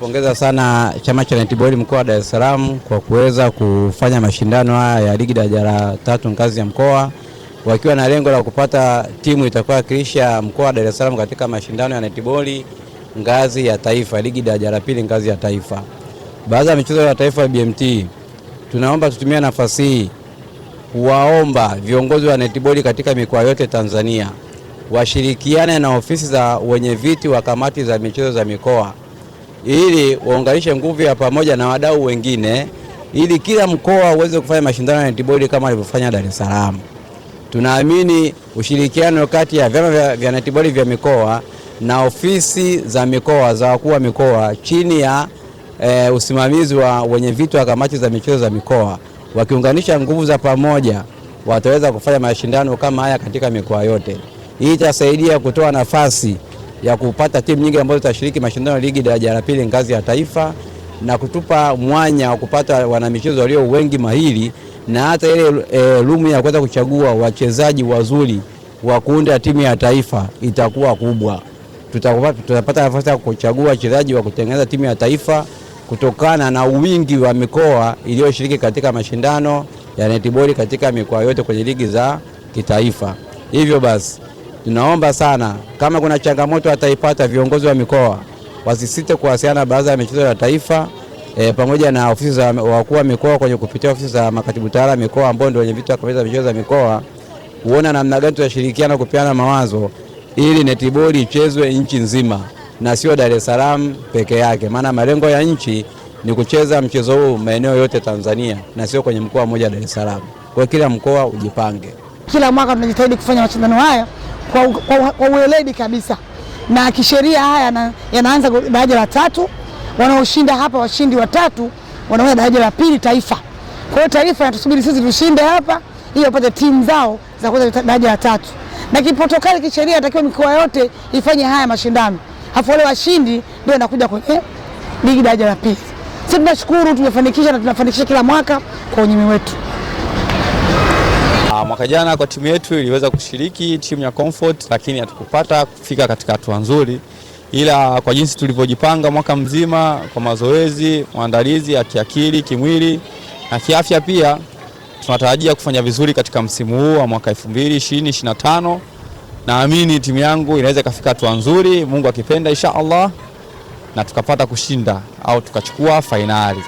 Pongeza sana chama cha netiboli mkoa wa Dar es Salaam kwa kuweza kufanya mashindano haya ya ligi daraja la tatu ngazi ya mkoa, wakiwa na lengo la kupata timu itakayowakilisha mkoa wa Dar es Salaam katika mashindano ya netiboli ngazi ya taifa, ligi daraja la pili ngazi ya taifa, baadhi ya michezo ya taifa ya BMT. Tunaomba tutumie nafasi hii kuwaomba viongozi wa netiboli katika mikoa yote Tanzania washirikiane na ofisi za wenye viti wa kamati za michezo za mikoa ili waunganishe nguvu ya pamoja na wadau wengine ili kila mkoa uweze kufanya mashindano ya netiboli kama alivyofanya Dar es Salaam. Tunaamini ushirikiano kati ya vyama vya, vya netiboli vya mikoa na ofisi za mikoa za wakuu wa mikoa chini ya e, usimamizi wa wenyeviti wa kamati za michezo za mikoa, wakiunganisha nguvu za pamoja, wataweza kufanya mashindano kama haya katika mikoa yote. Hii itasaidia kutoa nafasi ya kupata timu nyingi ambazo zitashiriki mashindano ya ligi daraja la pili ngazi ya taifa na kutupa mwanya wa kupata wanamichezo walio wengi mahiri na hata ile e, rumu ya kuweza kuchagua wachezaji wazuri wa kuunda timu ya taifa itakuwa kubwa. Tutapata nafasi ya kuchagua wachezaji wa kutengeneza timu ya taifa kutokana na wingi wa mikoa iliyoshiriki katika mashindano ya netiboli katika mikoa yote kwenye ligi za kitaifa. Hivyo basi Tunaomba sana kama kuna changamoto wataipata viongozi wa mikoa wasisite kuwasiliana na Baraza Michezo ya Taifa e, pamoja na ofisi za wakuu wa mikoa kwenye kupitia ofisi za makatibu tawala mikoa ambao ndio wenye vitu vya kamati za michezo za mikoa kuona namna gani tutashirikiana kupeana mawazo ili netiboli ichezwe nchi nzima na sio Dar es Salaam peke yake, maana malengo ya nchi ni kucheza mchezo huu maeneo yote Tanzania na sio kwenye mkoa mmoja Dar es Salaam. Kwa kila mkoa ujipange. Kila mwaka tunajitahidi kufanya mashindano haya kwa, kwa, kwa ueledi kabisa, na kisheria haya na, yanaanza daraja la tatu. Wanaoshinda hapa, washindi watatu wanaona daraja la pili taifa. Kwa hiyo taifa natusubiri sisi tushinde hapa ili wapate timu zao za kuweza daraja la tatu, na kipotokali kisheria atakiwa mikoa yote ifanye haya mashindano, halafu wale washindi ndio wanakuja kwenye ligi daraja la pili. Sisi tunashukuru tumefanikisha na tunafanikisha kila mwaka kwa unyumi wetu. Ah, mwaka jana kwa timu yetu iliweza kushiriki timu ya Comfort, lakini hatukupata kufika katika hatua nzuri, ila kwa jinsi tulivyojipanga mwaka mzima kwa mazoezi, maandalizi ya kiakili, kimwili na kiafya pia tunatarajia kufanya vizuri katika msimu huu wa mwaka 2025. Naamini timu yangu inaweza ikafika hatua nzuri, Mungu akipenda, insha Allah, na tukapata kushinda au tukachukua fainali.